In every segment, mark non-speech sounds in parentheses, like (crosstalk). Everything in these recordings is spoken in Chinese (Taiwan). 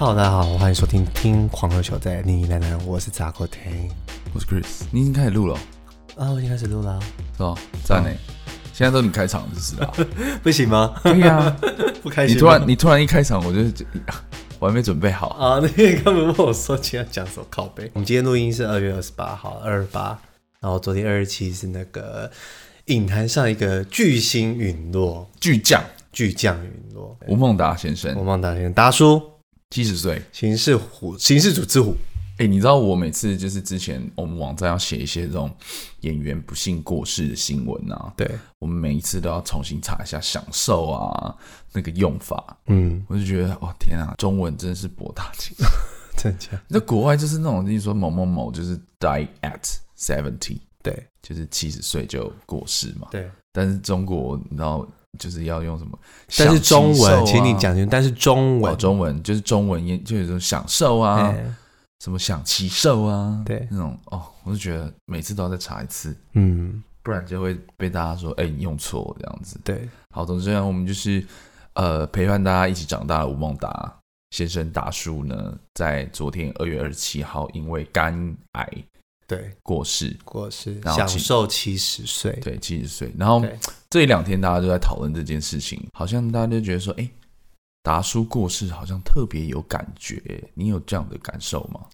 Hello，大家好，歡迎收聽《聽狂熱球在》，你奶奶，我是雜克亭，我是 Chris。你已經開始錄了啊？我已經開始錄了，是嗎？在呢、欸啊。現在都你開場，了，是了、啊。 (laughs) 不行嗎？對呀、啊， (laughs) 不開心。你突然，你突然一開場，我就我還沒準備好啊。那天他們問我說，今天講什麼靠背？ (laughs) 我們今天錄音是二月二十八號，二十八。然後昨天二十七是那個影壇上一個巨星隕落，巨匠、巨匠隕落，吳孟達先生，吳孟達先生，達叔。七十歲，刑事虎，刑事組之虎。哎，你知道我每次就是之前我們網站要寫一些這種演員不幸過世的新聞啊？對，我們每一次都要重新查一下“享壽”啊那個用法。嗯，我就覺得，哦天啊，中文真的是博大精深。真假。那國外就是那種，你說某某某就是 die at seventy，對，就是七十歲就過世嘛。對，但是中國，你知道？就是要用什麼？但是中文，啊、請你講清。但是中文，哦、中文就是中文也，就有一種享受啊，欸、什麼享其受啊，對那種哦，我就覺得每次都要再查一次，嗯，不然就會被大家說，哎、欸，你用錯這樣子。對，好，總之呢，我們就是呃陪伴大家一起長大的吳孟達先生達叔呢，在昨天二月二十七號因為肝癌。對，過世，過世，享壽七十歲，對，七十歲。然後這兩天，大家就在討論這件事情，好像大家都覺得說，哎、欸，達叔過世，好像特別有感覺、欸。你有這樣的感受嗎？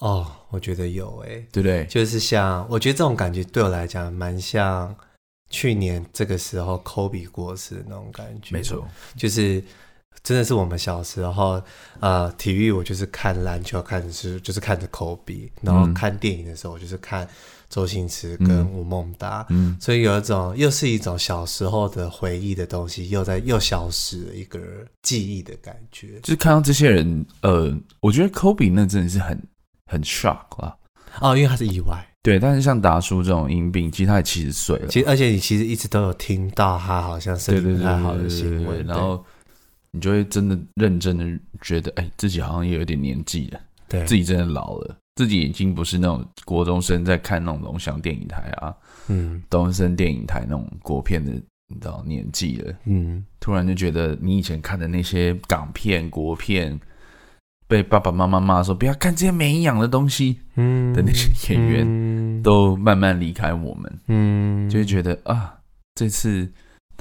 哦，我覺得有、欸，哎，對對？就是像，我覺得這種感覺對我來講，蠻像去年這個時候 Kobe 過世的那種感覺。沒錯，就是。真的是我們小時候，呃，體育我就是看籃球，看、就是就是看着科比，然後看電影的時候、嗯、我就是看周星馳跟吳、嗯、孟達、嗯，所以有一種又是一種小時候的回憶的東西，又在又消失了一個記憶的感覺。就是看到這些人，呃，我覺得科比那真的是很很 shock 啊，哦，因為他是意外。對，但是像達叔這種因病，其實他也七十歲了，其實而且你其實一直都有聽到他好像身體不好的行為，然後。你就會真的認真的覺得，哎、欸，自己好像也有點年紀了，對，自己真的老了，自己已經不是那種國中生在看那種龍祥電影台啊，嗯，東森電影台那種國片的年紀了，嗯，突然就覺得你以前看的那些港片、國片，被爸爸媽媽罵說不要看這些沒營養的東西，嗯，的那些演員都慢慢離開我們，嗯，嗯，就會覺得啊，這次。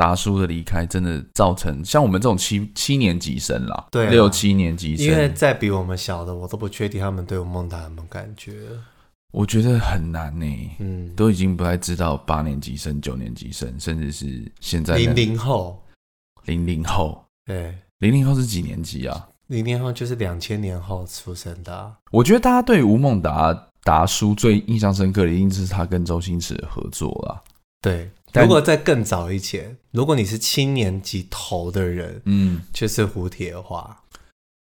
達叔的離開真的造成像我們這種七七年級生啦，對、啊，六七年級生，因為再比我們小的，我都不確定他們對吳孟達有什麼感覺。我覺得很難呢、欸，嗯，都已經不太知道八年級生、九年級生，甚至是現在零零後，零零後，對，零零後是幾年級啊？零零後就是兩千年後出生的、啊。我覺得大家對吳孟達達叔最印象深刻的，一定是他跟周星馳的合作啦。對。如果再更早以前，如果你是七年級頭的人，嗯，就是胡鐵花，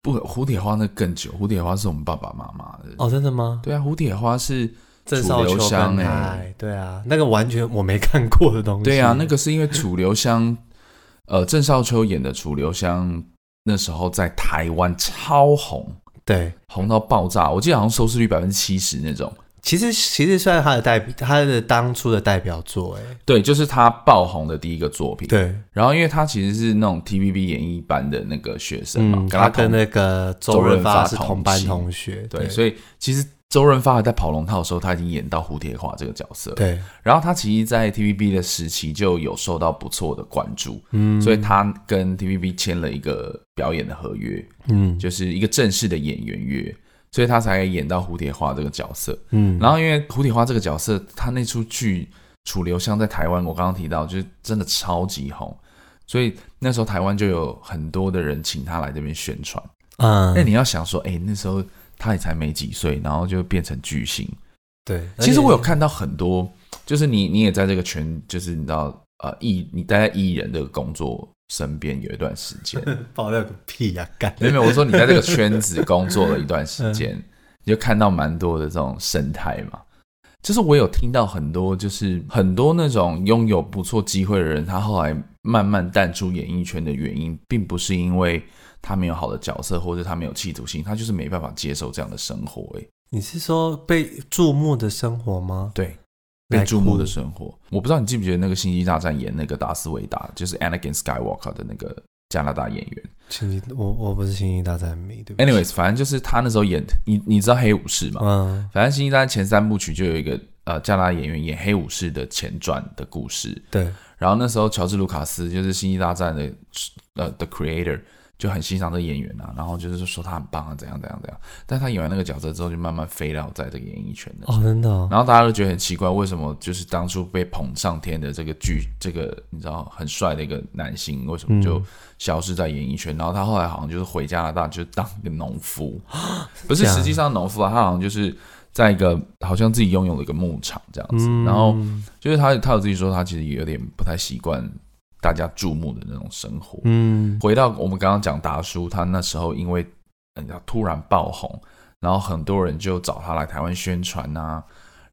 不，胡鐵花那更久。胡鐵花是我們爸爸媽媽的哦，真的嗎？對啊，胡鐵花是鄭、欸、少秋哎，對啊，那個完全我沒看過的東西。 (laughs) 對啊，那個是因為楚留香，呃，鄭少秋演的楚留香那時候在台灣超紅，對，紅到爆炸，我記得好像收視率百分之七十那種。其實，其實算是他的代表，他的當初的代表作，哎，對，就是他爆紅的第一個作品。對，然後因為他其實是那種 TVB 演藝班的那個學生嘛，嗯、跟他，他跟那個周潤發、發是同班同學，對，對所以其實周潤發在跑龍套的時候，他已經演到胡鐵花這個角色，對。然後他其實，在 TVB 的時期就有受到不錯的關注，嗯，所以他跟 TVB 簽了一個表演的合約，嗯，就是一個正式的演員約。所以他才演到蝴蝶花這個角色，嗯，然後因為蝴蝶花這個角色，他那出劇《楚留香》在台灣，我剛剛提到就是真的超級紅，所以那時候台灣就有很多的人請他來這邊宣傳，嗯，那你要想說，哎、欸，那時候他也才沒幾歲，然後就變成巨星，對，其實我有看到很多，就是你你也在這個圈，就是你知道呃藝你待在藝人的工作。身邊有一段時間，爆 (laughs) 料個屁呀，啊？幹。沒有，我說你在這個圈子工作了一段時間， (laughs) 你就看到蠻多的這種生態嘛。就是我有聽到很多，就是很多那種擁有不錯機會的人，他後來慢慢淡出演藝圈的原因，並不是因為他沒有好的角色，或者他沒有企圖心，他就是沒辦法接受這樣的生活。欸。哎，你是說被注目的生活嗎？對。被注目的生活，like，我不知道你記不記得那個《星際大戰》演那個達斯維達，就是 Anakin Skywalker 的那個加拿大演員。星際我我不是星際大戰迷，對 Anyways，反正就是他那時候演，你你知道黑武士嘛？嗯、uh，反正《星際大戰》前三部曲就有一個呃加拿大演員演黑武士的前傳的故事。對，然後那時候喬治盧卡斯就是《星際大戰》的呃的 creator。就很欣賞這個演員啊，然後就是說他很棒啊，怎樣怎樣怎樣，但他演完那個角色之後，就慢慢飛到在這個演藝圈的哦，真的、哦。然後大家都覺得很奇怪，為什麼就是當初被捧上天的這個劇，這個你知道很帥的一個男星，為什麼就消失在演藝圈，嗯？然後他後來好像就是回加拿大，就是當一個農夫、哦，不是實際上農夫啊，他好像就是在一個好像自己擁有了一個牧場這樣子、嗯。然後就是他，他有自己說，他其實也有點不太習慣。大家注目的那種生活，嗯，回到我們剛剛講達叔，他那時候因為人家、嗯、突然爆紅，然後很多人就找他來台灣宣傳吶、啊，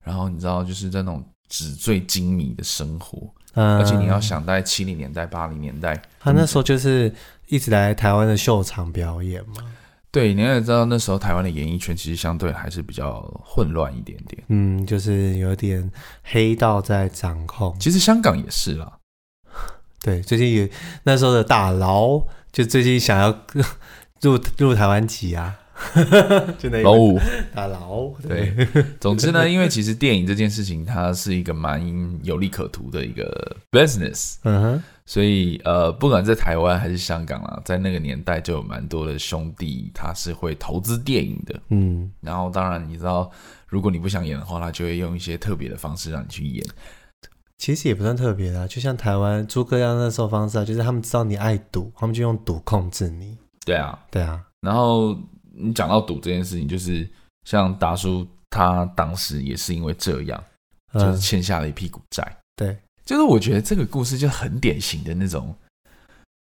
然後你知道，就是這種紙醉金迷的生活，嗯，而且你要想在七零年代、八零年代、啊嗯，他那時候就是一直來台灣的秀場表演嘛，對，你也知道那時候台灣的演藝圈其實相對還是比較混亂一點點，嗯，就是有點黑道在掌控，其實香港也是啦。對，最近有那時候的大佬，就最近想要入入台灣籍啊， (laughs) 就那老五大佬對。總之呢， (laughs) 因為其實電影這件事情，它是一個蠻有利可圖的一個 business，嗯哼，所以呃，不管在台灣還是香港啊，在那個年代就有蠻多的兄弟他是會投資電影的。嗯，然後當然你知道，如果你不想演的話，他就會用一些特別的方式讓你去演。其實也不算特別的，啊，就像台灣諸葛亮那時候方式啊，就是他們知道你愛賭，他們就用賭控制你。對啊，對啊。然後你講到賭這件事情，就是像達叔他當時也是因為這樣，就是欠下了一屁股債，嗯。對，就是我覺得這個故事就很典型的那種，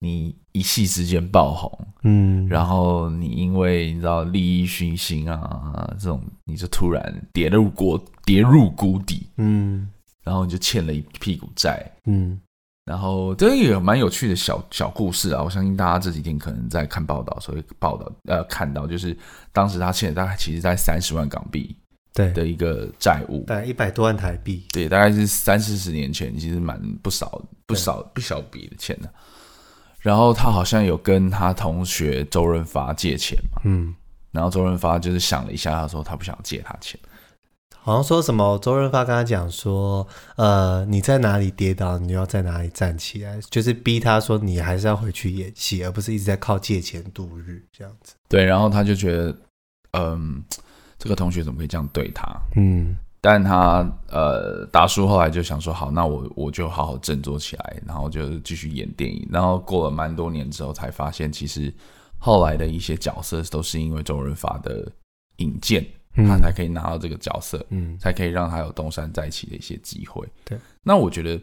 你一夕之間爆紅，嗯，然後你因為你知道利益熏心啊，這種你就突然跌入谷，跌入谷底，嗯。然後你就欠了一屁股債，嗯，然後這個也有蠻有趣的小小故事啊。我相信大家這幾天可能在看報道，所以報道呃看到，就是當時他欠大概其實在三十萬港幣對的一個債務，大概一百多萬台幣，對，大概是三四十年前，其實蠻不少不少不小筆的錢的啊。然後他好像有跟他同學周潤發借錢嘛，嗯，然後周潤發就是想了一下，他說他不想借他錢。好像說什麼，周潤發跟他講說：“呃，你在哪裡跌倒，你就要在哪裡站起來。”就是逼他說：“你還是要回去演戲，而不是一直在靠借錢度日。”這樣子。對，然後他就覺得，嗯，這個同學怎麼可以這樣對他？嗯，但他呃，達叔後來就想說：“好，那我我就好好振作起來，然後就繼續演電影。”然後過了蠻多年之後，才發現其實後來的一些角色都是因為周潤發的引薦。他才可以拿到這個角色，嗯，嗯，才可以讓他有東山再起的一些機會。對，那我覺得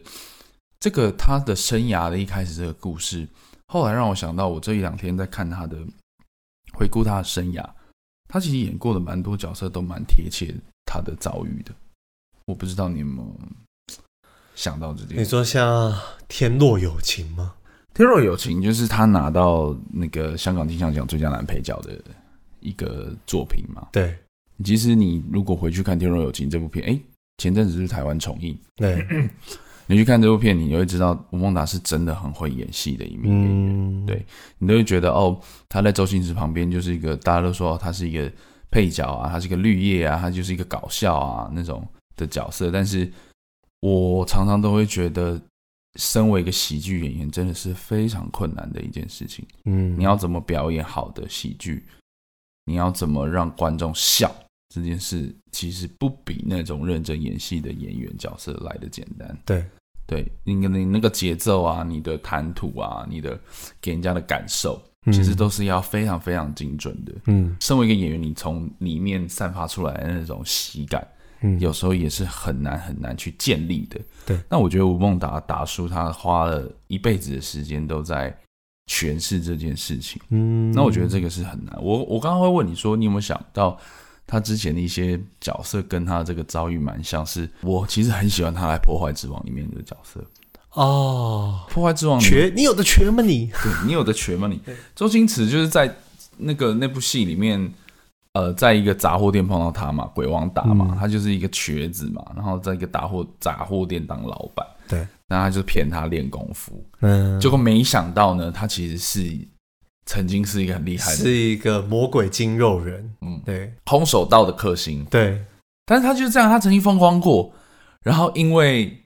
這個他的生涯的一開始這個故事，嗯，後來讓我想到，我這一兩天在看他的回顧他的生涯，他其實演過的蠻多角色都蠻貼切他的遭遇的。我不知道你有沒有想到這點？你說像天若有情嗎？《天若有情》嗎？《天若有情》就是他拿到那個香港金像獎最佳男配角的一個作品嘛。對。其實你如果回去看《天若有情》這部片，哎、欸，前陣子是台灣重映，對、欸，你去看這部片，你就會知道吳孟達是真的很會演戲的一名演員。嗯、對，你都會覺得，哦，他在周星馳旁邊就是一個大家都說他是一個配角啊，他是一個綠葉啊，他就是一個搞笑啊那種的角色。但是，我常常都會覺得，身為一個喜劇演員，真的是非常困難的一件事情。嗯，你要怎麼表演好的喜劇？你要怎麼讓觀眾笑？這件事其實不比那種認真演戲的演員角色來得簡單。對，對你你那個節奏啊，你的談吐啊，你的給人家的感受，嗯、其實都是要非常非常精準的。嗯，身為一個演員，你從裡面散發出來的那種喜感，嗯，有時候也是很難很難去建立的。對，那我覺得吳孟達達叔他花了一輩子的時間都在詮釋這件事情。嗯，那我覺得這個是很難。我我剛剛會問你說，你有沒有想到？他之前的一些角色跟他這個遭遇蠻像是，我其實很喜歡他來破壞之王裡面的角色哦，破壞之王瘸，你有的瘸嗎你？對，你有的瘸嗎你？對周星馳就是在那個那部戲裡面，呃，在一個雜貨店碰到他嘛，鬼王達嘛，嗯，他就是一個瘸子嘛，然後在一個貨雜貨雜貨店當老闆，對，然後他就騙他練功夫，嗯，結果沒想到呢，他其實是。曾經是一個很厲害的，是一個魔鬼筋肉人，嗯，對，空手道的克星，對，但是他就是這樣，他曾經風光過，然後因為，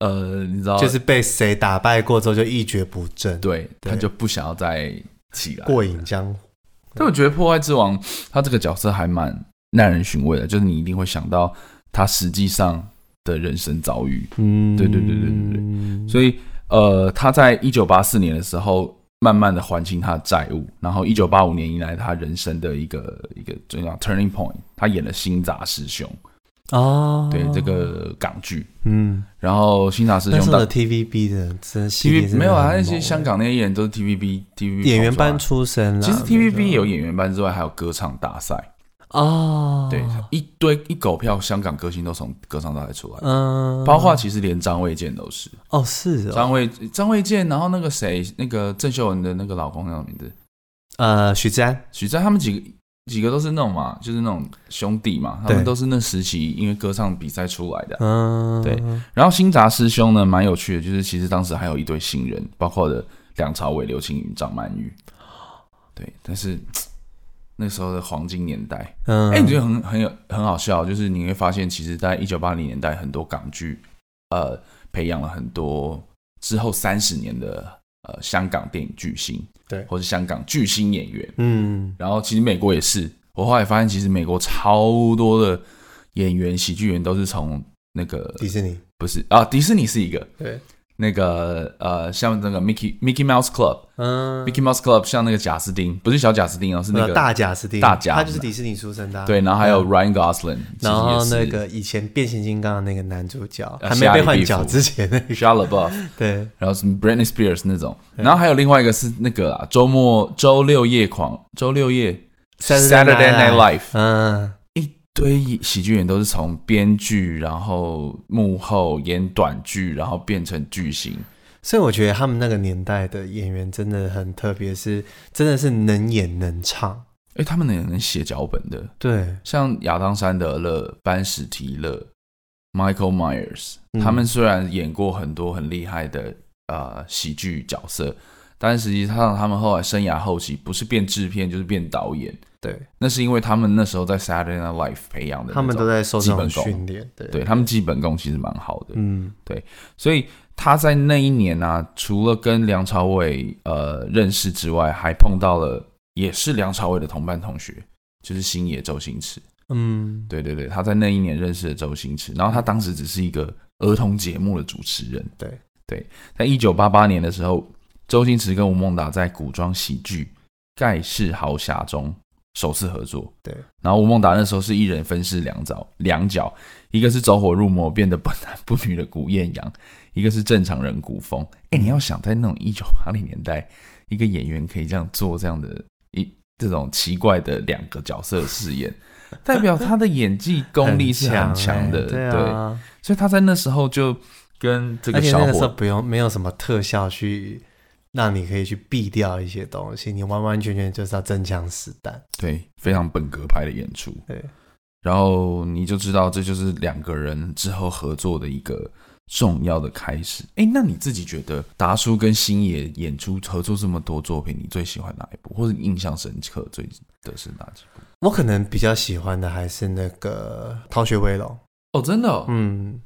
呃，你知道，就是被誰打敗過之後就一蹶不振，對，他就不想要再起來過癮江湖，嗯。但我覺得破壞之王他這個角色還蠻耐人尋味的，就是你一定會想到他實際上的人生遭遇，嗯，對對對對對對，對，所以呃，他在一九八四年的時候。慢慢的還清他的債務，然後一九八五年以來，他人生的一個一個重要 turning point，他演了《新扎師兄》哦。對，這個港劇，嗯，然後《新扎師兄》當 TVB 的，真的 TV, TV 真的的沒有啊，他那些香港那些藝人都是 TVB TVB 演員班出身了。其實 TVB 有演員班之外還，還有歌唱大賽。哦、oh,，對，一堆一狗票香港歌星都從歌唱大賽出來，嗯、uh,，包括其實連張衛健都是，oh, 是哦，是，張衛張衛健，然後那個誰，那個鄭秀文的那個老公，那種、個、名字，呃、uh,，許志安，許志安，他們幾個幾個都是那種嘛，就是那種兄弟嘛，他們都是那時期因為歌唱比賽出來的，嗯，對。然後新紮師兄呢，蠻有趣的，就是其實當時還有一堆新人，包括的梁朝偉、劉青雲、張曼玉，對，但是。那時候的黃金年代，嗯，哎、欸，你覺得很很有很好笑，就是你會發現，其實，在一九八零年代，很多港劇，呃，培養了很多之後三十年的呃香港電影巨星，對，或是香港巨星演員，嗯，然後其實美國也是，我後來發現，其實美國超多的演員、喜劇員，都是從那個迪士尼，不是啊，迪士尼是一個，對。那個呃，像那個 Mickey Mickey Mouse Club，嗯，Mickey Mouse Club，像那個賈斯汀，不是小賈斯汀哦，是那個大賈斯汀，大賈，他就是迪士尼出身的，啊出生的啊。對，然後還有 Ryan、嗯、Gosling，然後那個以前變形金剛的那個男主角，還、啊、沒被換角之前那個 Shia LaBeouf，對，然後是 Britney Spears 那種、嗯，然後還有另外一個是那個啊，週末週六夜狂，週六夜 Saturday Night, Night Life，嗯。對，喜劇演員都是從編劇，然後幕後演短劇，然後變成巨星。所以我覺得他們那個年代的演員真的很特別，是真的是能演能唱。哎、欸，他們能能寫腳本的。對，像亞當·山德勒、班史提勒、Michael Myers、嗯、他們雖然演過很多很厲害的啊、呃、喜劇角色，但是實際上他們後來生涯後期不是變製片就是變導演。對，那是因為他們那時候在 Saturday Night Live 培養的，他們都在受這種訓練。對，他們基本功其實蠻好的。嗯，對，所以他在那一年呢、啊，除了跟梁朝偉呃認識之外，還碰到了也是梁朝偉的同班同學，就是星爺周星馳。嗯，對對對，他在那一年認識了周星馳，然後他當時只是一個兒童節目的主持人。對、嗯、對，在一九八八年的時候，周星馳跟吳孟達在古裝喜劇《蓋世豪俠》中首次合作，對。然後吳孟達那時候是一人分飾兩角，兩角一個是走火入魔變得不男不女的古艷陽，一個是正常人古風。哎，你要想在那種一九八零年代，一個演員可以這樣做這樣的，一這種奇怪的兩個角色飾演， (laughs) 代表他的演技功力是很強的。很強欸、對啊對，所以他在那時候就跟這個小夥個不用沒有什麼特效去。那你可以去避掉一些東西，你完完全全就是要真槍實彈，對，非常本格派的演出，對。然後你就知道，這就是兩個人之後合作的一個重要的開始。哎，那你自己覺得達叔跟星爺演出合作這麼多作品，你最喜歡哪一部，或者你印象深刻最的是哪幾部？我可能比較喜歡的還是那個《逃學威龍》哦，真的哦，嗯。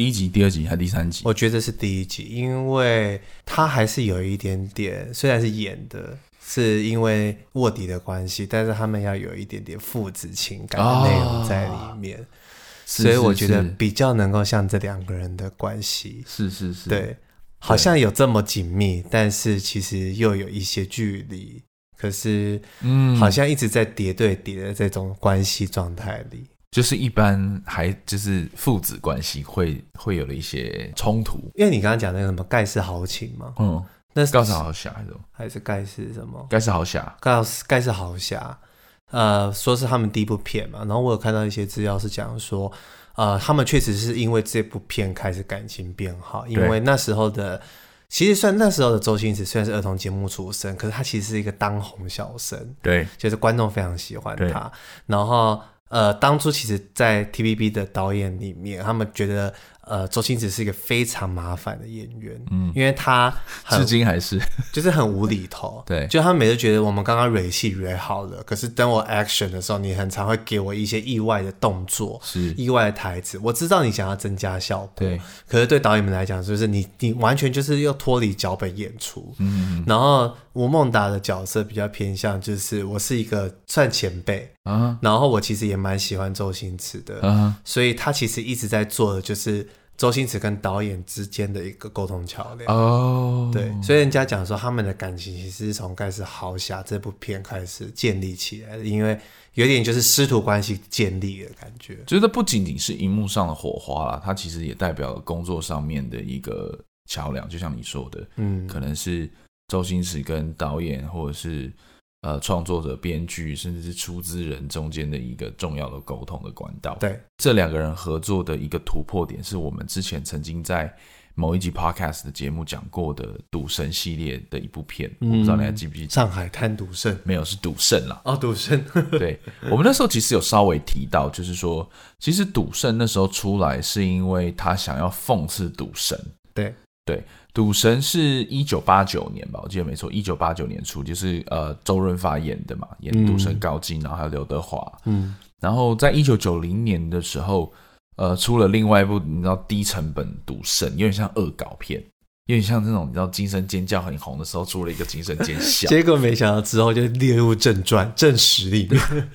第一集、第二集還是第三集？我覺得是第一集，因為他還是有一點點，雖然是演的，是因為臥底的關係，但是他們要有一點點父子情感的內容在裡面，哦是是是，所以我覺得比較能夠像這兩個人的關係，是，是是是，對，好像有這麼緊密，但是其實又有一些距離，可是嗯，好像一直在諜對諜的這種關係狀態裡。嗯就是一般還就是父子關係會會有了一些衝突，因為你剛剛講那個什麼蓋世豪情嘛，嗯，那是蓋世豪俠還是還是蓋世什麼？蓋世豪俠，蓋世蓋世豪俠，呃，說是他們第一部片嘛。然後我有看到一些資料是講說，呃，他們確實是因為這部片開始感情變好，因為那時候的其實算那時候的周星馳雖然是兒童節目出身，可是他其實是一個當紅小生，對，就是觀眾非常喜歡他，然後。呃，當初其實，在 TVB 的導演裡面，他們覺得。呃，周星馳是一個非常麻煩的演員，嗯，因為他至今還是就是很無厘頭， (laughs) 對，就他每次覺得我們剛剛蕊戲蕊好了，可是等我 action 的時候，你很常會給我一些意外的動作，是意外的台詞。我知道你想要增加效果，對，可是對導演們來講，就是你你完全就是又脫離腳本演出，嗯，然後吳孟達的角色比較偏向就是我是一個算前輩啊、uh -huh，然後我其實也蠻喜歡周星馳的啊、uh -huh，所以他其實一直在做的就是。周星馳跟導演之間的一個溝通橋樑。哦、oh.，對，所以人家講說他們的感情其實是從《蓋世豪俠》這部片開始建立起來的，因為有點就是師徒關係建立的感覺。覺得不僅僅是熒幕上的火花啦，它其實也代表了工作上面的一個橋樑。就像你說的，嗯，可能是周星馳跟導演或者是。呃，創作者、編劇，甚至是出資人中間的一個重要的溝通的管道。對，這兩個人合作的一個突破點，是我們之前曾經在某一集 Podcast 的節目講過的《賭神》系列的一部片，嗯、我不知道你還記不記得《上海灘賭聖》？沒有，是《賭聖》啦。哦，賭《賭 (laughs) 聖》。對，我們那時候其實有稍微提到，就是說，其實《賭聖》那時候出來是因為他想要諷刺賭神。對對。賭神是一九八九年吧，我記得沒錯，一九八九年初，就是呃，周潤發演的嘛，演賭神高進、嗯，然後還有劉德華。嗯，然後在一九九零年的時候，呃，出了另外一部，你知道低成本賭神，有點像惡搞片，有點像這種你知道驚聲尖叫很紅的時候，出了一個驚聲尖叫。結果沒想到之後就列入正傳，正史裡面。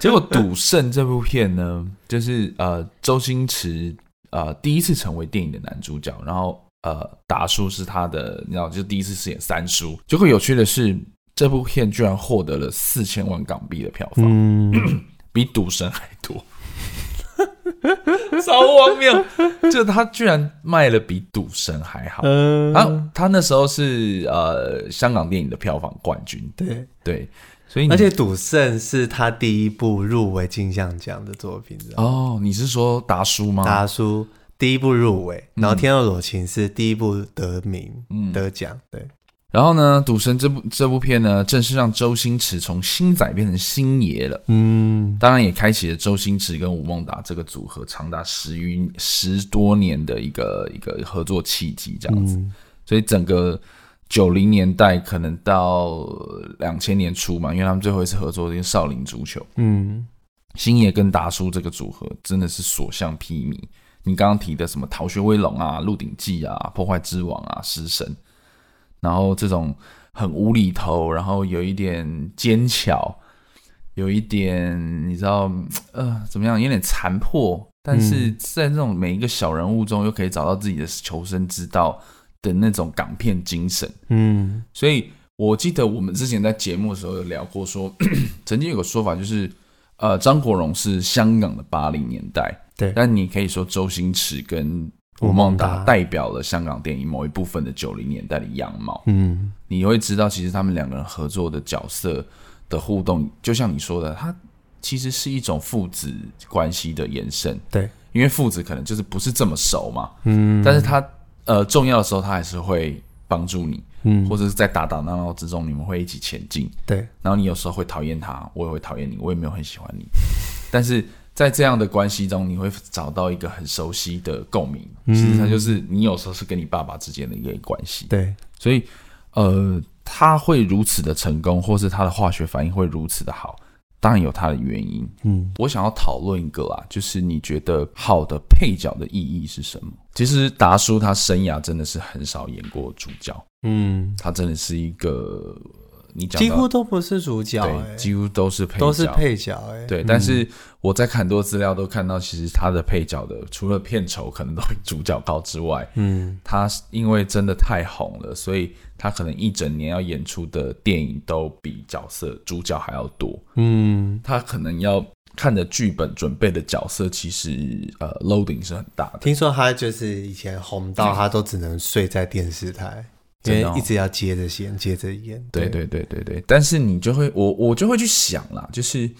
結果賭聖這部片呢， (laughs) 就是呃，周星馳呃第一次成為電影的男主角，然後。呃，達叔是他的，你知道，就第一次飾演三叔。結果有趣的是，這部片居然獲得了四千萬港幣的票房，嗯嗯、比賭神還多。超荒謬，就他居然賣了比賭神還好。他、嗯啊、他那時候是呃香港電影的票房冠軍，對對。所以，而且賭聖是他第一部入圍金像獎的作品。哦，你是說達叔嗎？達叔。第一部入圍，然後《天若有情》是第一部得名、嗯、得獎，對。然後呢，《賭神》這部這部片呢，正是讓周星馳從星仔變成星爺了。嗯，當然也開啟了周星馳跟吳孟達這個組合長達十餘十多年的一個一個合作契機，這樣子、嗯。所以整個九零年代可能到兩千年初嘛，因為他們最後一次合作的是《少林足球》。嗯，星爺跟達叔這個組合真的是所向披靡。你剛剛提的什麼《逃學威龍》啊，《鹿鼎記》啊，《破壞之王》啊，《食神》，然後這種很無厘頭，然後有一點奸巧，有一點，你知道，呃，怎麼樣，有點殘破，但是在這種每一個小人物中又可以找到自己的求生之道的那種港片精神。嗯，所以我記得我們之前在節目的時候有聊過說，說 (coughs) 曾經有個說法就是，呃，張國榮是香港的八零年代。對，但你可以說周星馳跟吳孟達代表了香港電影某一部分的九零年代的樣貌。嗯，你會知道，其實他們兩個人合作的角色的互動，就像你說的，他其實是一種父子關係的延伸。對，因為父子可能就是不是這麼熟嘛。嗯，但是他呃重要的時候他還是會幫助你。嗯，或者是在打打鬧鬧之中，你們會一起前進。對，然後你有時候會討厭他，我也會討厭你，我也沒有很喜歡你，但是。在這樣的關係中，你會找到一個很熟悉的共鳴。實際上就是你有時候是跟你爸爸之間的一個關係。對、嗯，所以呃，他會如此的成功，或是他的化學反應會如此的好，當然有他的原因。嗯，我想要討論一個啊，就是你覺得好的配角的意義是什麼？其實達叔他生涯真的是很少演過主角。嗯，他真的是一個。你幾乎都不是主角、欸，對，幾乎都是配角，都是配角、欸，哎，對。但是我在看很多資料，都看到其實他的配角的、嗯，除了片酬可能都比主角高之外，嗯，他因為真的太紅了，所以他可能一整年要演出的電影都比角色主角還要多，嗯，他可能要看的劇本準備的角色，其實呃，loading 是很大的。聽說他就是以前紅到他都只能睡在電視台。嗯哦、因為一直要接着先接著，接着演。對對對對對，但是你就會，我我就會去想啦，就是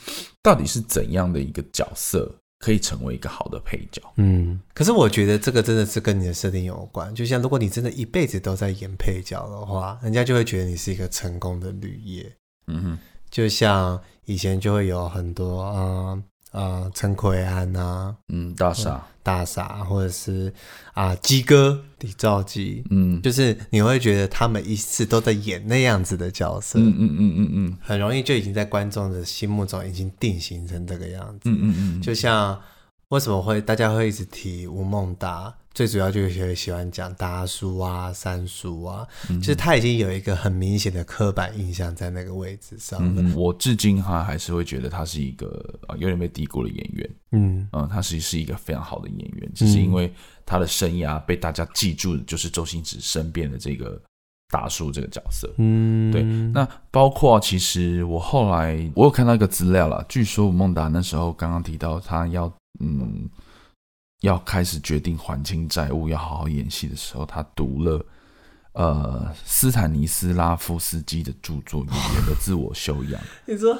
到底是怎樣的一個角色可以成為一個好的配角？嗯，可是我覺得這個真的是跟你的設定有關。就像如果你真的一輩子都在演配角的話，人家就會覺得你是一個成功的綠葉。嗯哼，就像以前就會有很多嗯。呃，陳奎安啊，嗯，大傻，嗯、大傻，或者是啊，呃、雞哥，李兆基，嗯，就是你會覺得他們一次都在演那樣子的角色，嗯嗯嗯嗯，嗯，很容易就已經在觀眾的心目中已經定型成這個樣子，嗯嗯嗯，就像為什麼會大家會一直提吳孟達？最主要就是喜歡講達叔啊、三叔啊，其、嗯、實、就是、他已經有一個很明顯的刻板印象在那個位置上了。嗯、我至今哈還是會覺得他是一個有點被低估的演員，嗯，嗯他其實是一個非常好的演員、嗯，只是因為他的生涯被大家記住的就是周星馳身邊的這個達叔這個角色。嗯，對。那包括其實我後來我有看到一個資料啦，據說吳孟達那時候剛剛提到他要嗯。要開始決定還清債務，要好好演戲的時候，他讀了呃斯坦尼斯拉夫斯基的著作《演員的自我修養》 (laughs) 你說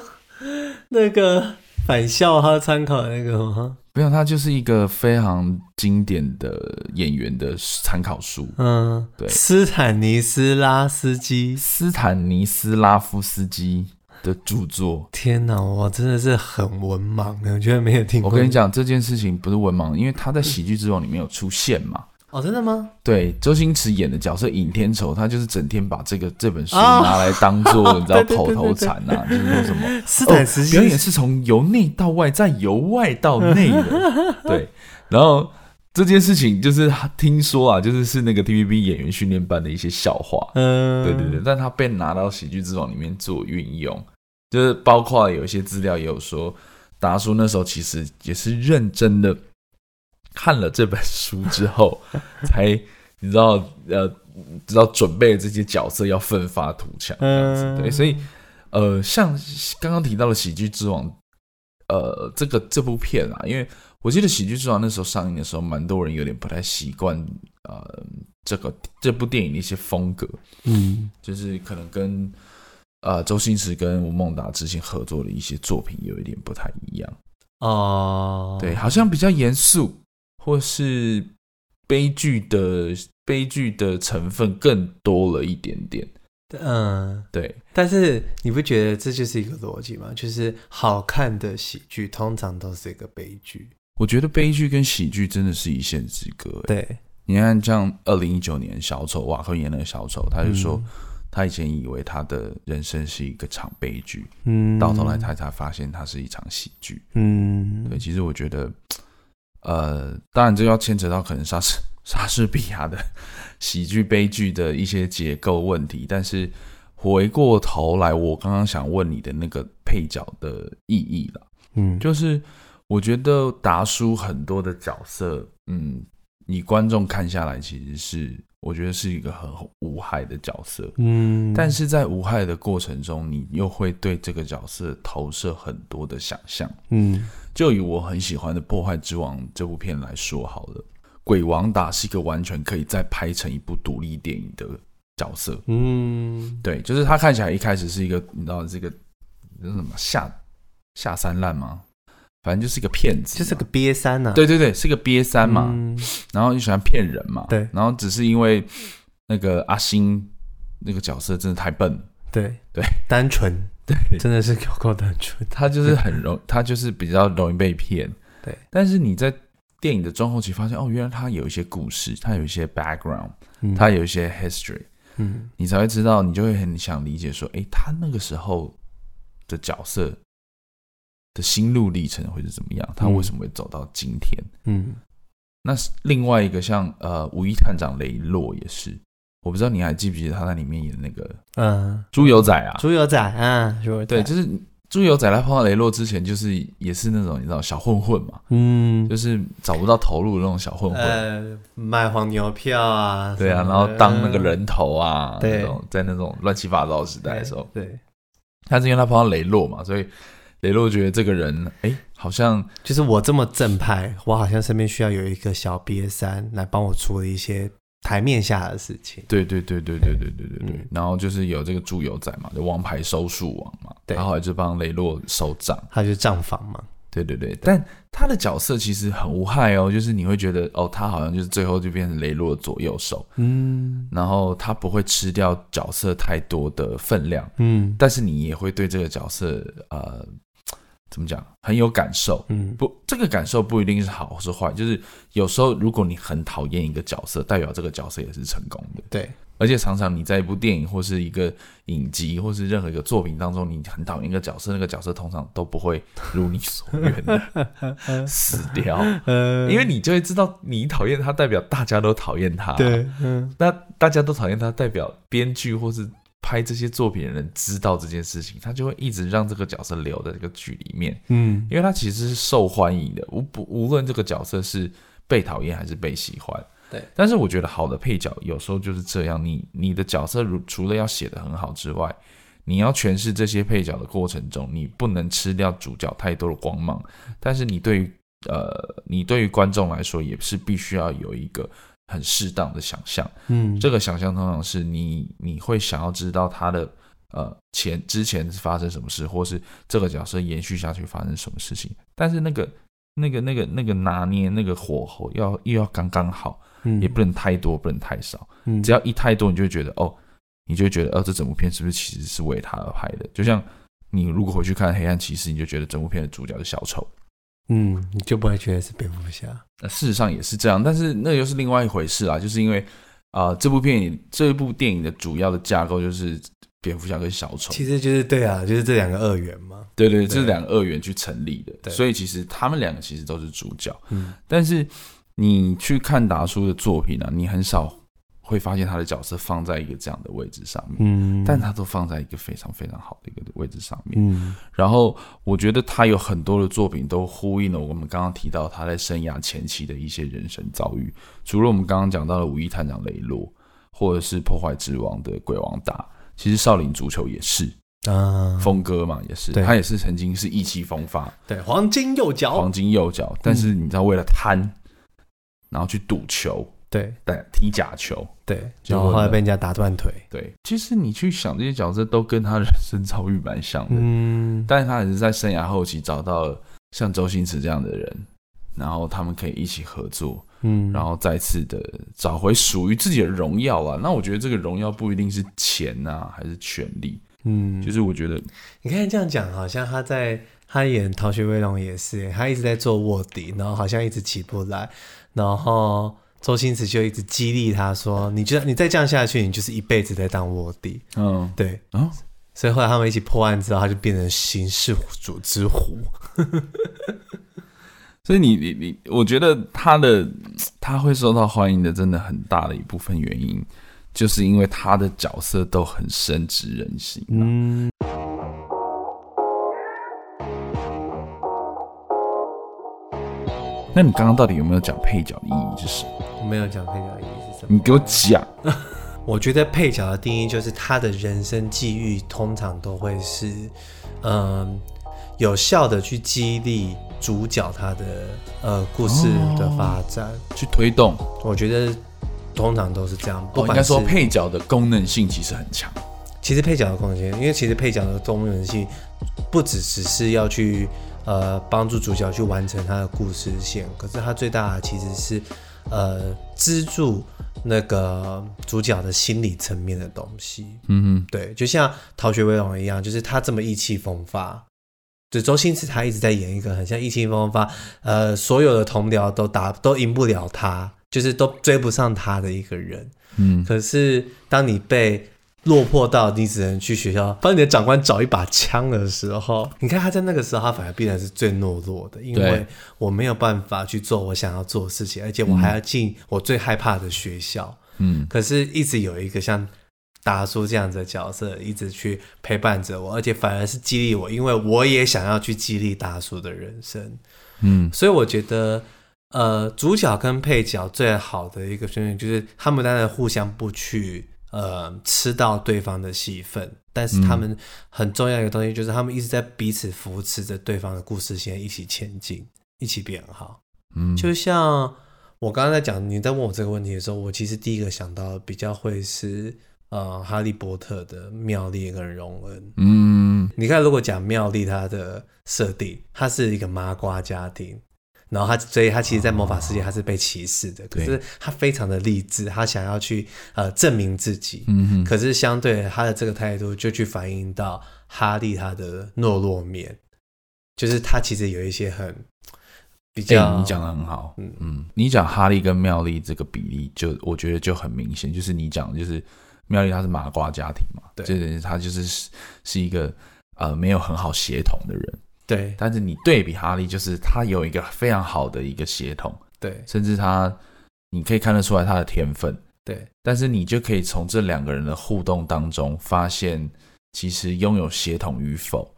那個返校他參考的那個嗎？沒有，他就是一個非常經典的演員的參考書。嗯，對，斯坦尼斯拉斯基，斯坦尼斯拉夫斯基。的著作，天哪，我真的是很文盲的，啊，我覺得沒有聽過。我跟你講這件事情不是文盲，因為他在《喜劇之王》裡面有出現嘛。 (laughs) 哦，真的嗎？對，周星馳演的角色尹天仇，他就是整天把這個這本書拿來當做，哦、你知道口 (laughs) 頭禪吶，啊，就是說什麼斯、喔、表演是從由內到外，再由外到內的。 (laughs) 對，然後這件事情就是聽說啊，就是是那個 TVB 演員訓練班的一些笑話。嗯，對對對，但他被拿到《喜劇之王》裡面做運用。就是包括有一些資料也有說，達叔那時候其實也是認真的看了這本書之後，才你知道 (laughs) 呃，知道準備這些角色要奮發圖強這樣子，嗯，對，所以呃，像剛剛提到的《喜劇之王》，呃，這個這部片啊，因為我記得《喜劇之王》那時候上映的時候，蠻多人有點不太習慣呃，這個這部電影的一些風格，嗯，就是可能跟。呃，周星馳跟吳孟達之前合作的一些作品有一點不太一樣哦，oh. 對，好像比較嚴肅，或是悲劇的悲劇的成分更多了一點點。嗯、uh,，對。但是你不覺得這就是一個邏輯嗎？就是好看的喜劇通常都是一個悲劇。我覺得悲劇跟喜劇真的是一線之隔。對，你看像二零一九年小丑，瓦昆演的小丑，他就說。嗯他以前以為他的人生是一個場悲劇，嗯，到頭來他才，才發現他是一場喜劇，嗯，對。其實我覺得，呃，當然這要牽扯到可能莎士莎士比亞的 (laughs) 喜劇悲劇的一些結構問題。但是回過頭來，我剛剛想問你的那個配角的意義啦，嗯，就是我覺得達叔很多的角色，嗯，你觀眾看下來其實是。我覺得是一個很無害的角色，嗯，但是在無害的過程中，你又會對這個角色投射很多的想象，嗯，就以我很喜歡的《破壞之王》這部片來說好了，鬼王達是一個完全可以再拍成一部獨立電影的角色，嗯，對，就是他看起來一開始是一個，你知道這個，那什麼下下三濫嗎？反正就是一個騙子，就是一個癟三啊。對對對，是一個癟三嘛。嗯，然後你喜歡騙人嘛。對，然後只是因為那個阿星那個角色真的太笨，對對，單純，對，真的是夠夠單純。他就是很容，他就是比較容易被騙。對，但是你在電影的中後期發現，哦，原來他有一些故事，他有一些 background，嗯，他有一些 history，嗯，你才會知道，你就會很想理解說，哎，欸，他那個時候的角色。的心路歷程會是怎麼樣，嗯。他為什麼會走到今天？嗯，那是另外一個像呃，五億探長雷洛也是，我不知道你還記不記得他在裡面演那個嗯，豬油仔啊，豬油仔啊，豬、嗯、對，就是豬油仔。他碰到雷洛之前，就是也是那種你知道小混混嘛，嗯，就是找不到投入的那種小混混，賣、呃、黃牛票啊，對啊，然後當那個人頭啊，呃、那種對在那種亂七八糟時代的時候對，對，他是因為他碰到雷洛嘛，所以。雷洛覺得這個人，哎、欸，好像就是我這麼正派，嗯、我好像身邊需要有一個小癟三來幫我處理一些台面下的事情。對對對對對對對對對，對，對、嗯。然後就是有這個豬油仔嘛，就王牌收數王嘛，他後一直幫雷洛收賬，他就賬房嘛。對對對，對對對對，但他的角色其實很無害哦、喔，就是你會覺得哦，他好像就是最後就變成雷洛左右手。嗯，然後他不會吃掉角色太多的分量。嗯，但是你也會對這個角色呃。怎麼講？很有感受，嗯，不，這個感受不一定是好或是壞，就是有時候如果你很討厭一個角色，代表這個角色也是成功的，對。而且常常你在一部電影或是一個影集或是任何一個作品當中，你很討厭一個角色，那個角色通常都不會如你所願的 (laughs) 死掉，嗯，因為你就會知道你討厭他，代表大家都討厭他，對，嗯，那大家都討厭他，代表編劇或是。拍這些作品的人知道這件事情，他就會一直讓這個角色留在這個劇裡面，嗯，因為他其實是受歡迎的，無不無論這個角色是被討厭還是被喜歡，對。但是我覺得好的配角有時候就是這樣，你你的角色如除了要寫得很好之外，你要詮釋這些配角的過程中，你不能吃掉主角太多的光芒，但是你對於呃，你對於觀眾來說也是必須要有一個。很適當的想象，嗯，這個想象通常是你，你會想要知道他的，呃，前之前發生什麼事，或是這個角色延續下去發生什麼事情。但是那個、那個、那個、那個拿捏那個火候要又要剛剛好，嗯，也不能太多，不能太少，嗯，只要一太多，你就覺得哦，你就覺得哦，呃，這整部片是不是其實是為他而拍的？就像你如果回去看《黑暗騎士》，你就覺得整部片的主角是小丑。嗯，你就不會覺得是蝙蝠俠。那事實上也是這樣，但是那又是另外一回事啦。就是因為啊、呃，這部電影這部電影的主要的架構就是蝙蝠俠跟小丑，其實就是對啊，就是這兩個二元嘛。對對，對，對，這兩個二元去成立的，對，所以其實他們兩個其實都是主角。嗯，但是你去看達叔的作品呢、啊，你很少，會發現他的角色放在一個這樣的位置上面，嗯，但他都放在一個非常非常好的一個的位置上面，嗯。然後我覺得他有很多的作品都呼應了我們剛剛提到他在生涯前期的一些人生遭遇。除了我們剛剛講到的《五億探長雷洛》，或者是《破壞之王》的鬼王達，其實《少林足球》也是啊，峰哥嘛也是，他也是曾經是意氣風發，對，黃金右腳，黃金右腳，但是你知道為了貪，嗯、然後去賭球。對，踢假球，對，然後後來被人家打斷腿，對。其實你去想這些角色，都跟他人生遭遇蠻像的，嗯。但是他還是在生涯後期找到了像周星馳這樣的人，然後他們可以一起合作，嗯。然後再次的找回屬於自己的榮耀啊！那我覺得這個榮耀不一定是錢啊，還是權力，嗯。就是我覺得，你看這樣講，好像他在他演《逃學威龍》也是，他一直在做臥底，然後好像一直起不來，然後。周星馳就一直激勵他說：“你你再這樣下去，你就是一輩子在當臥底。哦”嗯，對。啊、哦，所以後來他們一起破案之後，他就變成刑事組之虎。 (laughs) 所以你你你，我覺得他的他會受到歡迎的，真的很大的一部分原因，就是因為他的角色都很深植人心。嗯。那你剛剛到底有沒有講配角的意義是什麼？這是我沒有講配角的意義是什麼？你給我講。 (laughs) 我覺得配角的定義就是他的人生際遇通常都會是，嗯、呃，有效的去激勵主角他的、呃、故事的發展、哦，去推動。我覺得通常都是這樣。不、哦、應該說配角的功能性其實很強。其實配角的功能性，因為其實配角的功能性，不只只是要去。呃，幫助主角去完成他的故事線，可是他最大的其實是，呃，資助那個主角的心理層面的東西。嗯哼，對，就像《逃學威龍》一樣，就是他這麼意氣風發，就周星馳他一直在演一個很像意氣風發，呃，所有的同僚都打都贏不了他，就是都追不上他的一個人。嗯，可是當你被。落魄到你只能去學校幫你的長官找一把槍的時候，你看他在那個時候，他反而必然是最懦弱的，因為我沒有辦法去做我想要做的事情，而且我還要進我最害怕的學校。嗯，可是，一直有一個像達叔這樣子的角色一直去陪伴着我，而且反而是激勵我，因為我也想要去激勵達叔的人生。嗯，所以我覺得，呃，主角跟配角最好的一個訓練就是他們當然互相不去。呃，吃到對方的戲份，但是他們很重要一個東西就是他們一直在彼此扶持着對方的故事線一起前進，一起變好。嗯，就像我剛剛在講，你在問我這個問題的時候，我其實第一個想到的比較會是呃《哈利波特》的妙麗跟榮恩。嗯，你看，如果講妙麗她的設定，她是一個麻瓜家庭。然後他，所以他其實，在魔法世界，他是被歧視的。嗯、可是他非常的勵志，他想要去呃證明自己。嗯哼。可是相對他的這個態度，就去反映到哈利他的懦弱面，就是他其實有一些很比較。欸、你講的很好。嗯嗯，你講哈利跟妙麗這個比例就，就我覺得就很明顯，就是你講的就是妙麗她是麻瓜家庭嘛，對，就是他就是是一個呃沒有很好協同的人。對，但是你對比哈利，就是他有一個非常好的一個血統，對，甚至他你可以看得出來他的天分，對。但是你就可以從這兩個人的互動當中發現，其實擁有血統與否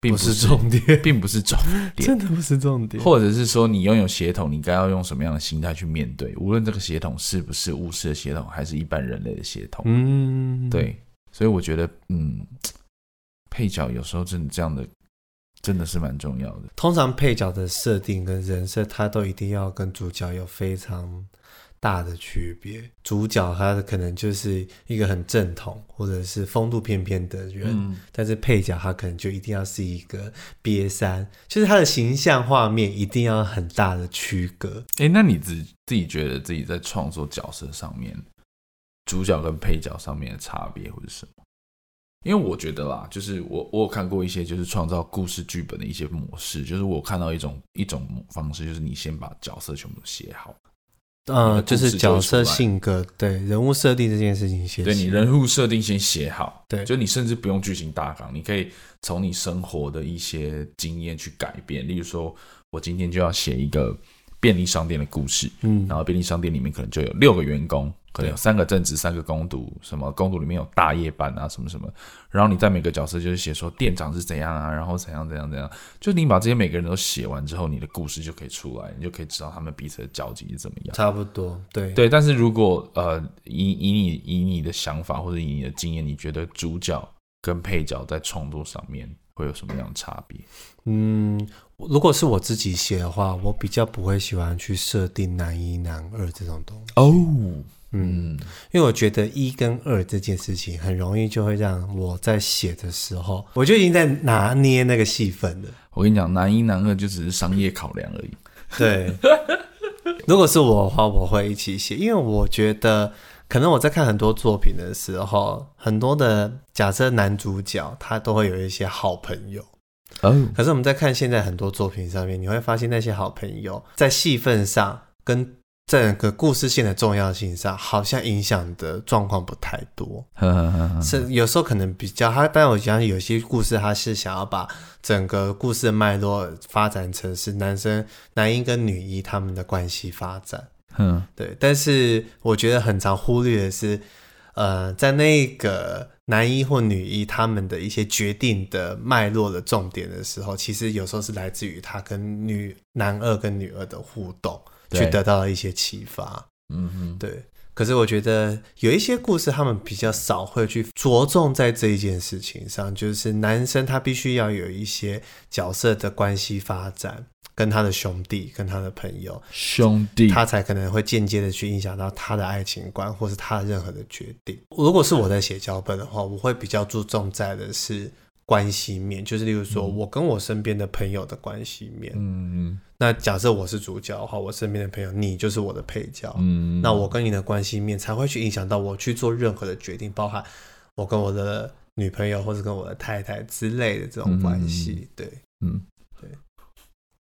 並不是，不是重點，並不是重點， (laughs) 真的不是重點。或者是說，你擁有血統，你該要用什麼樣的心態去面對？無論這個血統是不是巫師的血統，還是一般人類的血統，嗯，對。所以我覺得，嗯，配角有時候真的這樣的。真的是蠻重要的，嗯。通常配角的設定跟人設，他都一定要跟主角有非常大的區別。主角他可能就是一個很正統或者是風度翩翩的人，嗯，但是配角他可能就一定要是一個癟三，就是他的形象畫面一定要很大的區隔。哎、欸，那你自自己覺得自己在創作角色上面，主角跟配角上面的差別，或者是什麼？因為我覺得啦，就是我我有看過一些就是創造故事劇本的一些模式，就是我看到一種一種方式，就是你先把角色全部寫好，呃、嗯，就是角色性格，對，人物設定這件事情先，對，你人物設定先寫好，對，就你甚至不用劇情大綱，你可以從你生活的一些經驗去改變，例如說，我今天就要寫一個便利商店的故事，嗯，然後便利商店裡面可能就有六個員工。可能有三個正職，三個工讀，什麼工讀裡面有大夜班啊，什麼什麼。然後你在每個角色就是寫說店長是怎樣啊，然後怎樣怎樣怎樣。就你把這些每個人都寫完之後，你的故事就可以出來，你就可以知道他們彼此的交集是怎麼樣。差不多，對。對，但是如果呃，以以你以你的想法或者以你的經驗，你覺得主角跟配角在創作上面會有什麼樣的差別？嗯，如果是我自己寫的話，我比較不會喜歡去設定男一男二這種東西。哦。嗯，因為我覺得一跟二這件事情很容易就會讓我在寫的時候，我就已經在拿捏那個戲份了。我跟你講，男一男二就只是商業考量而已。對， (laughs) 如果是我的話，我會一起寫，因為我覺得可能我在看很多作品的時候，很多的假設男主角他都會有一些好朋友，嗯。可是我們在看現在很多作品上面，你會發現那些好朋友在戲份上跟，整個故事線的重要性上，好像影響的狀況不太多。 (laughs) 是有時候可能比較他，但我講有些故事，他是想要把整個故事的脈絡發展成是男生男一跟女一他們的關係發展。嗯， (laughs) 對。但是我覺得很常忽略的是，呃，在那個男一或女一他們的一些決定的脈絡的重點的時候，其實有時候是來自於他跟女男二跟女二的互動。去得到了一些啟發，嗯哼，對。可是我覺得有一些故事，他們比較少會去着重在這一件事情上，就是男生他必須要有一些角色的關係發展，跟他的兄弟、跟他的朋友，兄弟，他才可能會間接的去影響到他的愛情觀，或是他的任何的決定。如果是我在寫腳本的話，嗯，我會比較注重在的是。關係面就是，例如說，我跟我身邊的朋友的關係面。嗯嗯。那假設我是主角的話，我身邊的朋友，你就是我的配角。嗯。那我跟你的關係面才會去影響到我去做任何的決定，包含我跟我的女朋友或者跟我的太太之類的這種關係。嗯。對，嗯，對。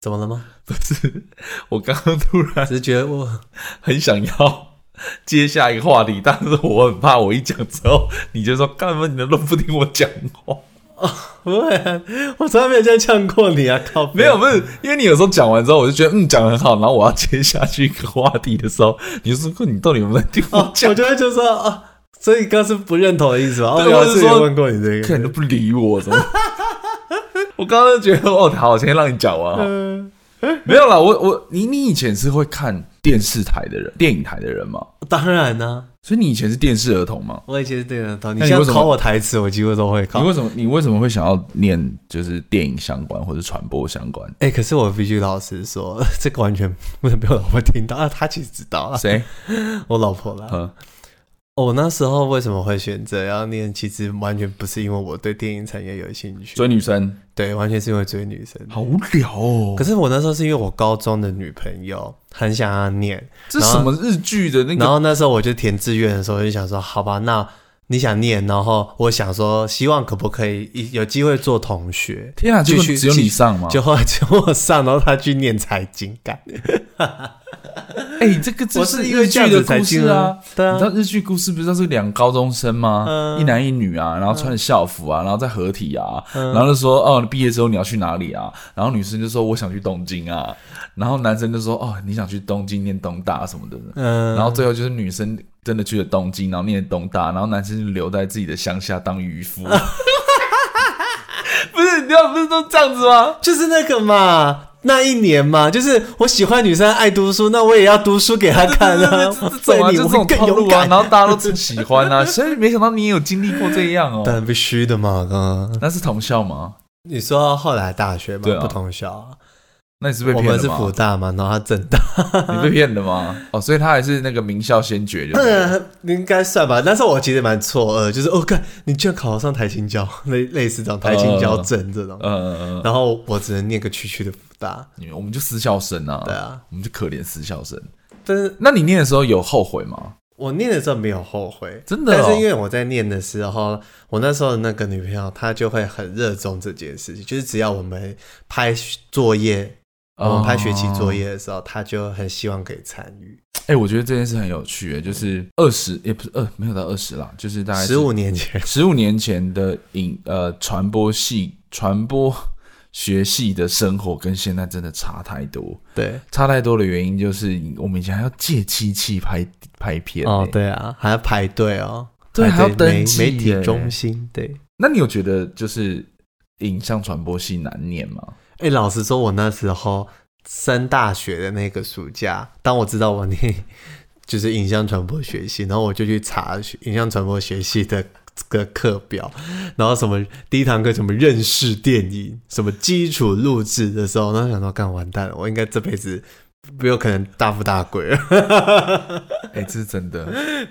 怎麼了嗎？不是，我剛剛突然是覺得我很想要 (laughs) 接下一個話題，但是我很怕我一講之後，你就說幹嘛？幹，你都不聽我講話。哦，不會、啊，我從來沒有這樣嗆過你啊！靠，沒有，不是，因為你有時候講完之後，我就覺得嗯講得很好，然後我要接下去一個話題的時候，你就說你到底有沒有在聽我講。哦，我覺得就是說，哦，所以剛是不認同的意思吧？對，對我自己問過你這個，看你都不理我，這個、什麼 (laughs) 我剛剛就覺得哦，好，我先讓你講完沒有啦，我我你你以前是會看電視台的人，電影台的人嗎？當然呢、啊，所以你以前是電視兒童嗎？我以前是電視兒童。你這樣考我台詞，我幾乎都會考。你為什麼？你為什麼會想要念就是電影相關或者傳播相關？哎，可是我必須老實說，這個完全不能被我老婆聽到？啊，他其實知道了。誰？我老婆了。我、oh, 那時候為什麼會選擇要念？其實完全不是因為我對電影產業有興趣，追女生。對，完全是因為追女生。好無聊哦！可是我那時候是因為我高中的女朋友很想要念，這是什麼日劇的那個。然後那時候我就填志願的時候，我就想說，好吧，那。你想念，然後我想說，希望可不可以有機會做同學？天啊！就只有你上嗎？就後來只有我上，然後他去念財經感。哎、 (laughs) 欸，這個這是一個日劇的故事啊，對啊，你知道日劇故事不是都是兩高中生嗎？嗯？一男一女啊，然後穿着校服啊，嗯、然後在合體啊、嗯，然後就說哦，畢業之後你要去哪裡啊？然後女生就說我想去東京啊，然後男生就說哦，你想去東京念東大什麼的，嗯，然後最後就是女生。真的去了東京，然後念東大，然後男生就留在自己的鄉下當漁夫。 (laughs) (laughs) 不是，你知道不是都這樣子嗎？就是那個嘛，那一年嘛，就是我喜歡女生愛讀書，那我也要讀書給她看啊,啊,對對對這種啊。對你，我更勇敢、啊，然後大家都真喜歡啊 (laughs) 所以沒想到你也有經歷過這樣哦。但必須的嘛剛剛，那是同校嘛。你說後來大學嘛，啊、不同校。那你是被騙嗎？我們是輔大嘛，然後他政大，你被騙的嗎？ (laughs) 哦，所以他還是那個名校先決就是，嗯，應該算吧。但是我其實蠻錯愕，就是哦，看你居然考得上台清交，類類似這種台清交政這種，嗯嗯嗯，嗯。然後我只能念個區區的輔大，我們就私校生啊。對啊，我們就可憐私校生。但是那你念的時候有後悔嗎？我念的時候沒有後悔，真的，哦。但是因為我在念的時候，我那時候那個女朋友她就會很熱衷這件事情，就是只要我們拍作業。呃、嗯、拍、嗯、學期作業的時候，他就很希望可以參與。哎、欸，我覺得這件事很有趣，就是二十也不是二、呃，沒有到二十啦，就是大概十五年前，十五年前的影呃傳播系、傳播學系的生活跟現在真的差太多。對，差太多的原因就是我們以前還要借機器拍拍片哦，對啊，還要排隊哦，對，還要登記媒體中心對。對，那你有覺得就是影像傳播系難念嗎？哎，老實說，我那時候升大學的那個暑假，當我知道我那，就是影像傳播學系，然後我就去查學影像傳播學系的這個課表，然後什麼第一堂課什麼認識電影，什麼基礎錄制的時候，那想說幹完蛋了，我應該這輩子不有可能大富大貴了。哎、 (laughs) 欸，這是真的，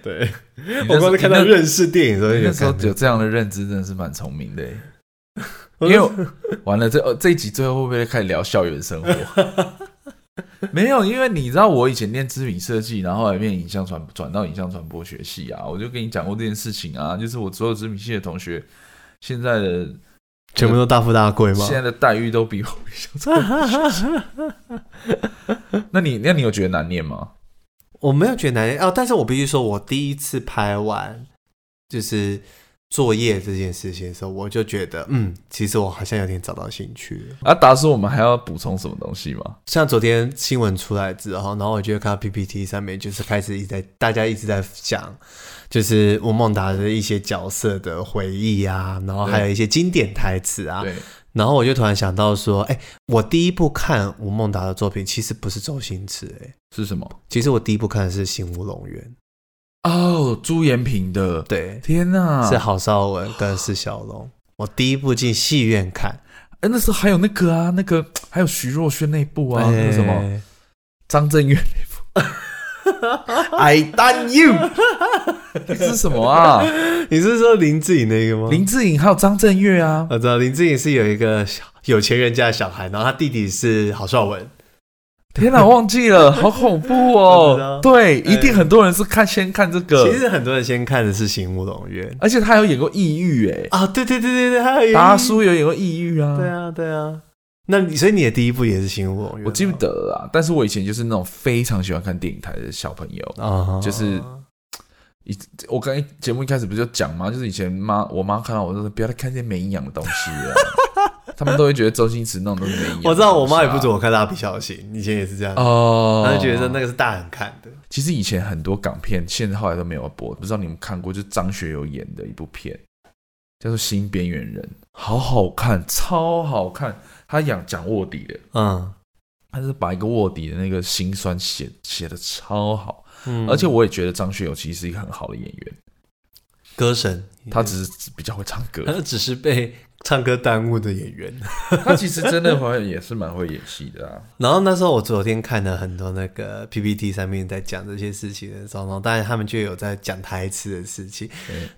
對。我光是看到認識電影的時候，那，那時候有這樣的認知，真的是蠻聰明的。 (laughs) 因為完了這呃這一集最後會不會開始聊校園生活？ (laughs) 沒有，因為你知道我以前念知名設計，然後還練影像傳轉到影像傳播學系啊，我就跟你講過這件事情啊，就是我所有知名系的同學，現在的、那個、全部都大富大貴嗎？現在的待遇都比我影像傳播學系。那你那你有覺得難念嗎？我沒有覺得難念啊、哦，但是我必須說，我第一次拍完就是。作業這件事情的時候，我就覺得，嗯，其實我好像有點找到興趣了。啊，達叔，我們還要補充什麼東西嗎？像昨天新聞出來之後，然後我就看到 PPT 上面就是開始一直在大家一直在講，就是吳孟達的一些角色的回憶啊，然後還有一些經典台詞啊。對。然後我就突然想到說，哎、欸，我第一部看吳孟達的作品其實不是周星馳，哎，是什麼？其實我第一部看的是《新烏龍院》。哦、oh，朱延平的對，天哪，是郝邵文，跟釋小龍。我第一部進戲院看，哎、欸，那時候還有那個啊，那個還有徐若瑄那一部啊、欸，那個什麼張震岳那部。 (laughs) I done you (laughs) 這是什麼啊？ (laughs) 你是，是說林志穎那個嗎？林志穎還有張震岳啊。我知道林志穎是有一個有錢人家的小孩，然後他弟弟是郝邵文。 (laughs) 天哪，忘記了，好恐怖哦！ (laughs) 對，對，對，一定很多人是看先看這個。其實很多人先看的是《新烏龍院》，而且他有演過抑鬱，哎、欸、啊，對對對對對，達叔有，有演過抑鬱啊。對啊，對啊，那你所以你的第一部也是《新烏龍院》啊，我記不得了。但是我以前就是那種非常喜歡看電影台的小朋友啊，uh -huh. 就是以我剛才節目一開始不是就講嗎？就是以前媽我媽看到我就是不要看那些沒營養的東西啊。 (laughs) (laughs) 他們都會覺得周星馳弄的東西沒用。我知道我媽也不准我看蠟筆小新、嗯，以前也是這樣。哦，他就覺得那個是大人看的。其實以前很多港片，現在後來都沒有播，不知道你們看過？就是張學友演的一部片，叫做《新邊緣人》，好好看，超好看。他演講臥底的，嗯，他是把一個臥底的那個心酸寫寫得超好。嗯，而且我也覺得張學友其實是一個很好的演員，歌神，他只是比較會唱歌，他只是被。唱歌耽誤的演員，他其實真的好像也是蠻會演戲的啊。 (laughs) 然後那時候我昨天看了很多那個 PPT 上面在講這些事情的時候，當然他們就有在講台詞的事情。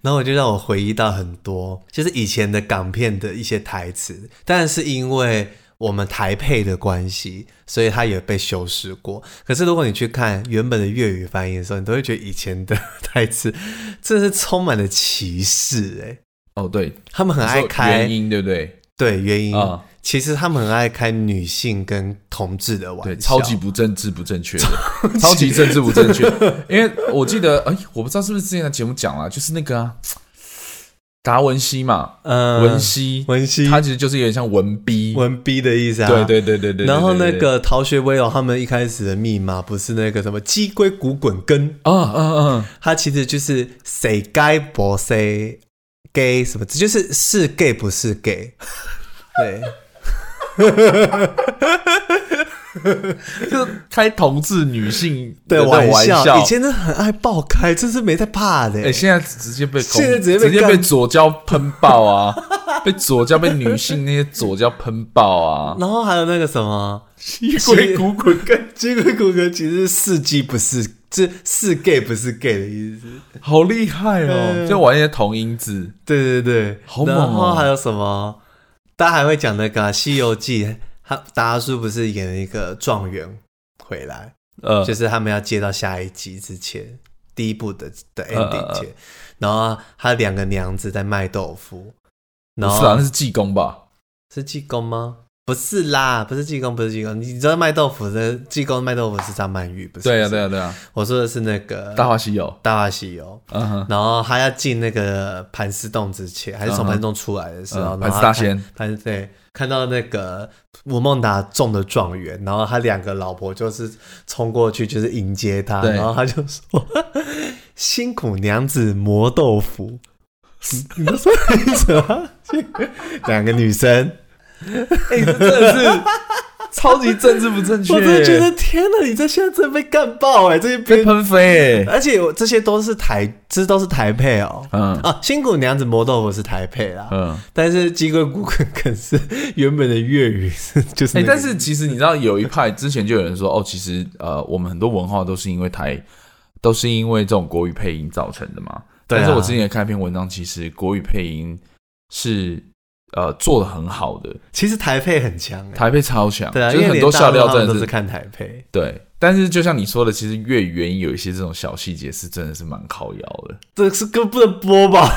然後我就讓我回憶到很多，就是以前的港片的一些台詞，但是因為我們台配的關係，所以它也被修飾過。可是如果你去看原本的粵語翻譯的時候，你都會覺得以前的台詞，真的是充滿了歧視欸。哦，對，他們很愛開原因，對不對？對原因、哦，其實他們很愛開女性跟同志的玩笑，對，超級不政治不正確，超，超級政治不正確。因為我記得，哎、欸，我不知道是不是之前的節目講了，就是那個啊，達文西嘛，嗯，文西文西，他其實就是有點像文逼文逼的意思啊，對對對對對，對，對，對，對，對，對，對，對。然後那個逃學威哦，他們一開始的密碼不是那個什麼雞龜骨滾根啊啊啊，他其實就是誰該不誰。gay 什麼？這就是是 gay 不是 gay，對， (laughs) (laughs) 就是開同志女性的玩笑，玩笑。以前都很愛爆開，這是沒在怕的。哎、欸，現在直接被，現在直接被，直接被左膠噴爆啊！ (laughs) 被左膠被女性那些左膠噴爆啊！然後還有那個什麼雞骨骨跟雞骨骨骼，其實是雞不是 gay。是、就是 gay 不是 gay 的意思，好厲害哦、嗯！就玩一些同音字，對對對，好猛啊、哦。然後還有什麼？大家還會講那個《西遊記》，他達叔不是演了一個狀元回來，呃，就是他們要接到下一集之前，第一部的的 ending 前，呃呃呃然後他兩個娘子在賣豆腐，不是、啊、那是濟公吧？是濟公嗎？不是啦，不是濟公，不是濟公。你知道賣豆腐的濟公賣豆腐是張曼玉，不是，不是？對啊，對啊，對啊。我說的是那個《大話西遊》。《大話西遊》嗯哼。然後他要進那個盤絲洞之前，還是從盤絲洞出來的時候，盤、嗯、絲、嗯、大仙。盤，對，看到那個吳孟達中的狀元，然後他兩個老婆就是衝過去，就是迎接他，然後他就說：“辛苦娘子磨豆腐。”你們說什麼啊？兩個女生。哎、欸，這真的是超級政治不正確、欸！ (laughs) 我真的覺得，天哪，你這現在真的被幹爆哎、欸！這些被噴飛、欸，而且這些都是台，這都是台配哦。嗯啊，新骨娘子磨豆腐是台配啦。嗯，但是金龜骨，骨可是原本的粵語，就是。哎、欸，但是其實你知道，有一派之前就有人說， (laughs) 哦，其實呃，我們很多文化都是因為台，都是因為這種國語配音造成的嘛。啊、但是我之前也看一篇文章，其實國語配音是。呃，做的很好的，其實台配很強、欸，台配超強、嗯，對啊，就是很多笑料真的是，是看台配。對，但是就像你說的，其實粵語原因有一些這種小細節是真的是蠻靠腰的。這是歌不能播吧？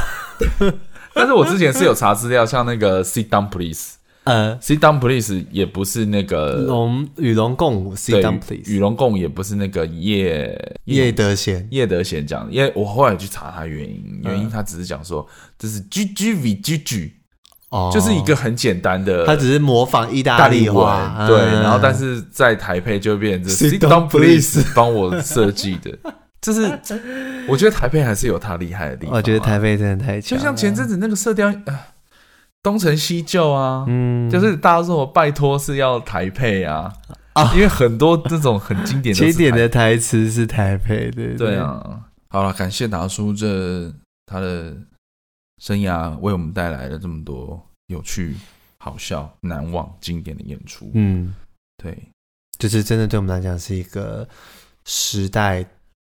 (laughs) (laughs) 但是我之前是有查資料，像那個 (laughs) Sit Down Please，呃、uh,，Sit Down Please 也不是那個龍與龍共舞 Sit Down Please，與龍共舞也不是那個葉葉德賢，葉德賢講，因為我後來去查他原因，uh, 原因他只是講說這是 G G V G G。哦、oh,，就是一個很簡單的，他只是模仿意大利文，啊、對、嗯，然後但是在台配就變成 Sit down please 幫我設計的， (laughs) 就是 (laughs) 我覺得台配還是有他厲害的地方、啊。我覺得台配真的太強，就像前陣子那個射雕啊，東成西就啊，嗯，就是大家說我拜託是要台配啊，啊因為很多這種很經典、經典的台詞是台配的，對啊。好了，感謝達叔這他的。生涯為我們帶來了這麼多有趣、好笑、難忘、經典的演出。嗯，對，就是真的對我們來講是一個時代，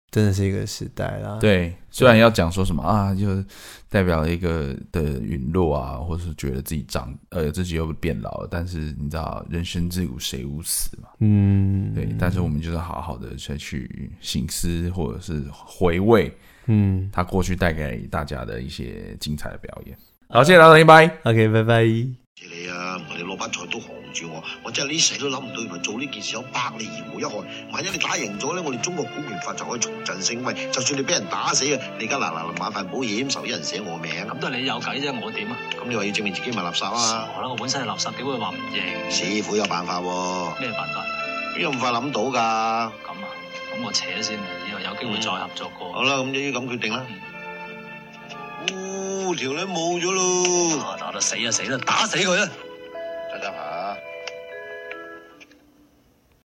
真的是一個時代啦、啊。對，雖然要講說什麼啊，就是、代表一個的隕落啊，或者是覺得自己長呃自己又變老了，但是你知道人生自古誰無死嘛？嗯，對。但是我們就是好好的再去省思，或者是回味。嗯，他過去帶給大家的一些精彩的表演。好，謝謝大家，拜拜。OK，拜拜。謝你啊，我哋老攞班菜都防住我，我真係呢世都諗唔到，原來做呢件事有百利而無一害。萬一你打贏咗咧，我哋中國古拳法就可以重振聲威。就算你俾人打死啊，你而家嗱嗱臨買份保險，受益人寫我名，咁都係你有計啫，我點啊？咁你話要證明自己咪垃圾啊？我啦，我本身係垃圾嘅，點會話唔贏。師傅有辦法喎。咩辦法？邊有咁快諗到噶？咁我先扯先，以後有機會再合作過、嗯。好啦，咁依啲咁決定啦。嗚、哦、條、那個、女冇咗咯，打得死就死啦，打死佢啦。真真係。等等